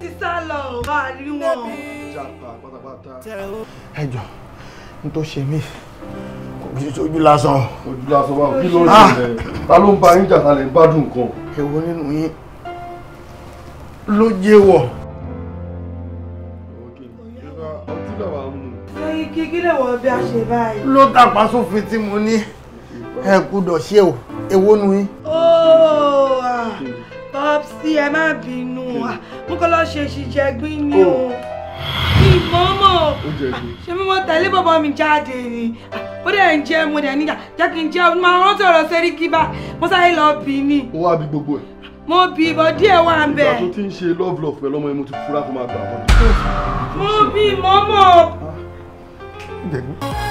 sísá lọ bá a rí wọn. ẹ jọ n tó ṣe mí ojú lásán. ojú lásán báwo kí ló ń ṣẹlẹ̀ ta ló ń ba yín jà ta lè bá dùn kan. èwo nínú yín ló jẹ́ wọ̀. kí lè wọ bí a ṣe báyìí. ló tàpá sófin tí mo ní ẹ gbúdọ̀ ṣe o èwo nu yín sí ẹ má bínú ah, mú kọ́ lọ́ọ́ ṣe ṣìṣẹ́ ni o ìmọ̀ọ́mọ̀ ṣe mímọ́ tẹ̀lé bàbá mi jáde ni ah, ó dẹ̀ ń jẹ́ mo dẹ̀ níjà jẹ́ kí n jẹ́ o máa rántí ọ̀rọ̀ sẹ́rí kíbá mo sáré lọ bí ni. ó wá bí gbogbo ẹ̀. Ah, mo bí ibọ̀ díẹ̀ wà ń bẹ̀. ìgbà tó ti ń ṣe love love pẹ̀lú ọmọ yẹn mo ti fura kó máa gbà wọ́n. mo bí ìmọ̀ọ́mọ̀.